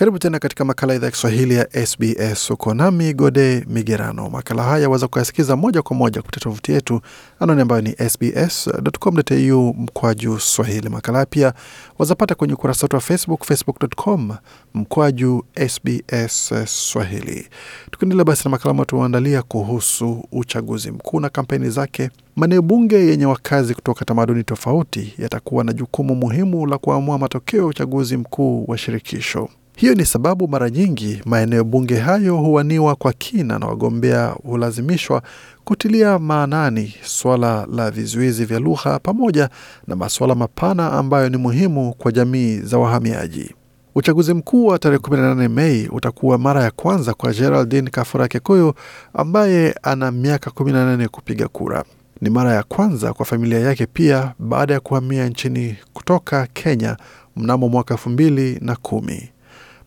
Karibu tena katika makala idhaa ya Kiswahili ya SBS. Uko nami Gode Migerano. Makala haya waweza kuyasikiza moja kwa moja kupitia tovuti yetu anaoni ambayo ni sbs.com.au mkwaju swahili. Makala pia wazapata kwenye ukurasa wetu wa Facebook, facebook.com mkwaju sbs swahili. Tukiendelea basi na makala ambayo tumeandalia kuhusu uchaguzi mkuu na kampeni zake, maeneo bunge yenye wakazi kutoka tamaduni tofauti yatakuwa na jukumu muhimu la kuamua matokeo ya uchaguzi mkuu wa shirikisho. Hiyo ni sababu mara nyingi maeneo bunge hayo huwaniwa kwa kina na wagombea hulazimishwa kutilia maanani swala la vizuizi vya lugha pamoja na masuala mapana ambayo ni muhimu kwa jamii za wahamiaji. Uchaguzi mkuu wa tarehe 18 Mei utakuwa mara ya kwanza kwa Geraldine Kafura Kekuyu ambaye ana miaka 18 kupiga kura. Ni mara ya kwanza kwa familia yake pia baada ya kuhamia nchini kutoka Kenya mnamo mwaka 2010.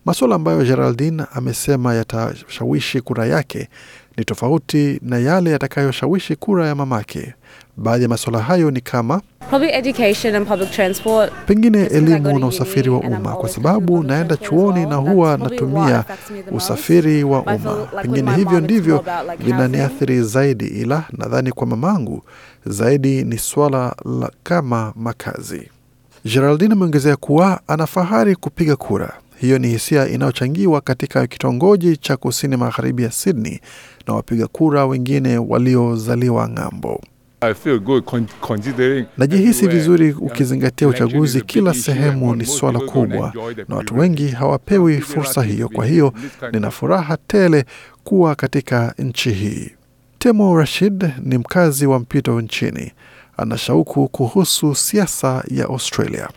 Masuala ambayo Geraldin amesema yatashawishi kura yake ni tofauti na yale yatakayoshawishi kura ya mamake. Baadhi ya masuala hayo ni kama pengine elimu na usafiri wa umma, kwa sababu naenda chuoni na huwa natumia usafiri wa umma. Pengine hivyo ndivyo vinaniathiri zaidi, ila nadhani kwa mamangu zaidi ni swala la kama makazi. Geraldine ameongezea kuwa ana fahari kupiga kura hiyo ni hisia inayochangiwa katika kitongoji cha kusini magharibi ya Sydney na wapiga kura wengine waliozaliwa ng'ambo. Najihisi vizuri ukizingatia uchaguzi, kila sehemu ni swala kubwa na watu wengi hawapewi fursa hiyo. Kwa hiyo nina furaha tele kuwa katika nchi hii. Temo Rashid ni mkazi wa mpito nchini, ana shauku kuhusu siasa ya Australia.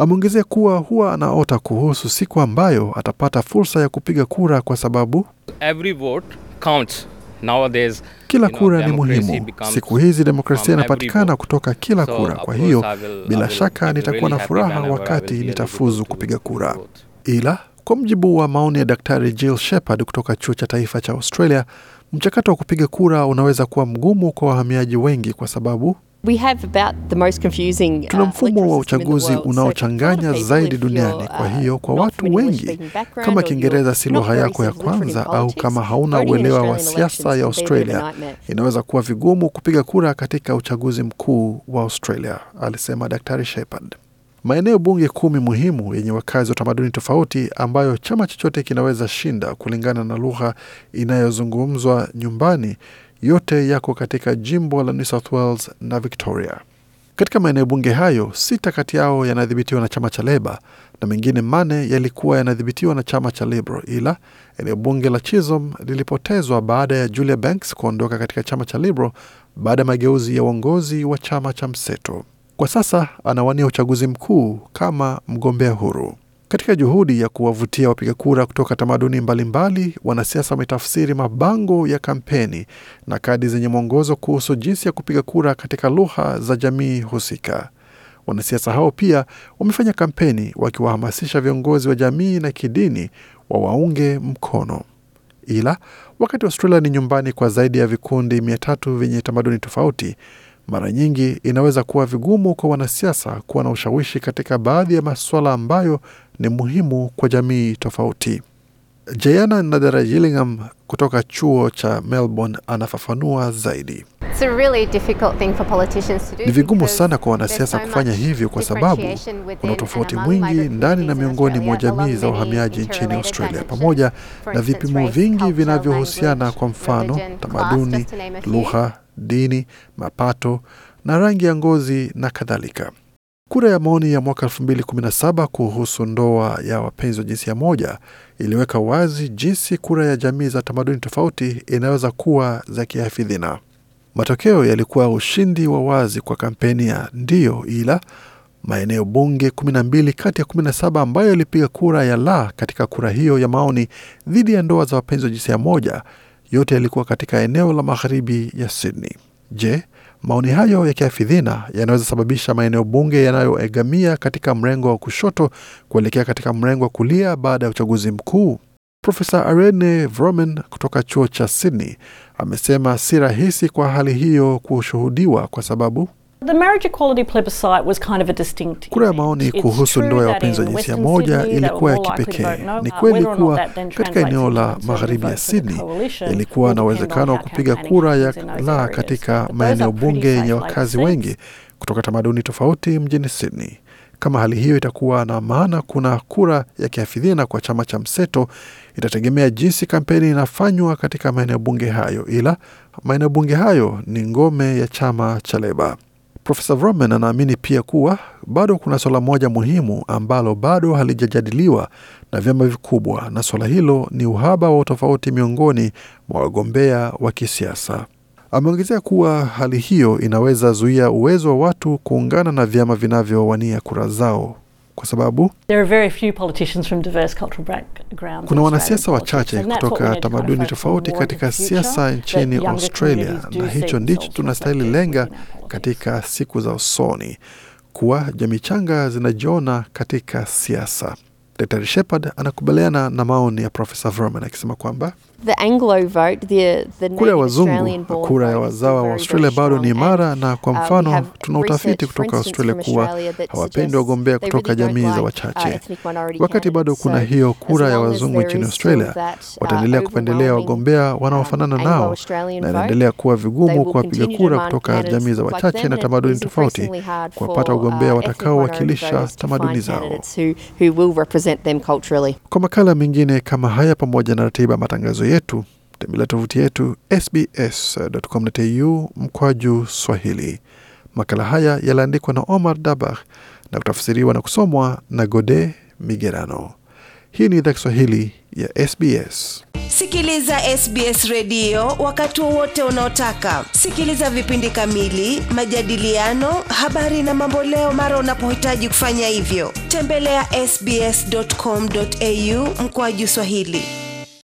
Ameongezea kuwa huwa anaota kuhusu siku ambayo atapata fursa ya kupiga kura kwa sababu Every vote counts. Nowadays, kila kura ni muhimu. Siku hizi demokrasia um, inapatikana kutoka kila kura. Kwa hiyo bila shaka nitakuwa na furaha wakati nitafuzu kupiga kura. Ila kwa mjibu wa maoni ya Daktari Jill Shepard kutoka Chuo cha Taifa cha Australia, mchakato wa kupiga kura unaweza kuwa mgumu kwa wahamiaji wengi kwa sababu Uh, Tuna mfumo wa uchaguzi unaochanganya zaidi duniani. Kwa uh, hiyo kwa watu wengi, kama Kiingereza si lugha yako ya kwanza au kama hauna uelewa wa siasa ya Australia, inaweza kuwa vigumu kupiga kura katika uchaguzi mkuu wa Australia, alisema Daktari Shepard. Maeneo bunge kumi muhimu yenye wakazi wa tamaduni tofauti ambayo chama chochote kinaweza shinda kulingana na lugha inayozungumzwa nyumbani yote yako katika jimbo la New South Wales na Victoria. Katika maeneo bunge hayo, sita kati yao yanadhibitiwa na chama cha Leba na mengine mane yalikuwa yanadhibitiwa na chama cha Liberal, ila eneo bunge la Chisholm lilipotezwa baada ya Julia Banks kuondoka katika chama cha Liberal baada ya mageuzi ya uongozi wa chama cha mseto. Kwa sasa anawania uchaguzi mkuu kama mgombea huru. Katika juhudi ya kuwavutia wapiga kura kutoka tamaduni mbalimbali, wanasiasa wametafsiri mabango ya kampeni na kadi zenye mwongozo kuhusu jinsi ya kupiga kura katika lugha za jamii husika. Wanasiasa hao pia wamefanya kampeni wakiwahamasisha viongozi wa jamii na kidini wawaunge mkono. Ila wakati Australia ni nyumbani kwa zaidi ya vikundi mia tatu vyenye tamaduni tofauti, mara nyingi inaweza kuwa vigumu kwa wanasiasa kuwa na ushawishi katika baadhi ya masuala ambayo ni muhimu kwa jamii tofauti. Jayana Nadera yillingham kutoka chuo cha Melbourne anafafanua zaidi. Really ni vigumu sana kwa wanasiasa kufanya hivyo kwa sababu kuna utofauti um, mwingi ndani na miongoni mwa jamii za uhamiaji nchini Australia, pamoja na vipimo vingi vinavyohusiana, kwa mfano tamaduni, lugha dini, mapato na rangi ya ngozi na kadhalika. Kura ya maoni ya mwaka 2017 kuhusu ndoa ya wapenzi wa jinsia moja iliweka wazi jinsi kura ya jamii za tamaduni tofauti inaweza kuwa za kihafidhina. Matokeo yalikuwa ushindi wa wazi kwa kampeni ya ndio ila maeneo bunge 12 kati ya 17 ambayo yalipiga kura ya la katika kura hiyo ya maoni dhidi ya ndoa za wapenzi wa jinsia moja yote yalikuwa katika eneo la magharibi ya Sydney. Je, maoni hayo ya kiafidhina yanaweza sababisha maeneo bunge yanayoegamia katika mrengo wa kushoto kuelekea katika mrengo wa kulia baada ya uchaguzi mkuu? Profesa Arene Vroman kutoka chuo cha Sydney amesema si rahisi kwa hali hiyo kushuhudiwa kwa sababu Kura ya maoni kuhusu ndoa ya wapenzi wa jinsia moja ilikuwa ya kipekee. Ni uh, kweli kuwa katika eneo la magharibi ya Sydney ilikuwa na uwezekano wa kupiga kura ya la katika maeneo bunge yenye wakazi wengi kutoka tamaduni tofauti mjini Sydney. Kama hali hiyo itakuwa na maana, kuna kura ya kiafidhina kwa chama cha mseto, itategemea jinsi kampeni inafanywa katika maeneo bunge hayo, ila maeneo bunge hayo ni ngome ya chama cha Leba. Profesa Vroman anaamini pia kuwa bado kuna swala moja muhimu ambalo bado halijajadiliwa na vyama vikubwa, na swala hilo ni uhaba wa utofauti miongoni mwa wagombea wa kisiasa. Ameongezea kuwa hali hiyo inaweza zuia uwezo wa watu kuungana na vyama vinavyowania kura zao kwa sababu kuna wanasiasa wachache kutoka tamaduni tofauti katika siasa nchini Australia, na hicho ndicho tunastahili lenga katika siku za usoni, kuwa jamii changa zinajiona katika siasa. Dr. Shepard anakubaliana na maoni ya Profesa Verman akisema kwamba Kura ya wazungu, uh, um, kura ya wazawa wa Australia bado ni imara, na kwa mfano, tuna utafiti kutoka Australia kuwa hawapendi wagombea kutoka jamii za wachache. Wakati bado kuna hiyo kura ya wazungu nchini Australia, wataendelea kupendelea wagombea wanaofanana nao, na inaendelea kuwa vigumu kwa wapiga kura kutoka jamii za wachache na tamaduni tofauti uh, kuwapata wagombea watakaowakilisha tamaduni zao. Kwa makala mengine kama haya, pamoja na ratiba matangazo yetu tembelea tovuti yetu sbs.com.au mkwaju Swahili. Makala haya yaliandikwa na Omar Dabah na kutafsiriwa na kusomwa na Gode Migerano. Hii ni idhaa Kiswahili ya SBS. Sikiliza SBS redio wakati wowote unaotaka. Sikiliza vipindi kamili, majadiliano, habari na mamboleo mara unapohitaji kufanya hivyo. Tembelea ya sbs.com.au juu Swahili.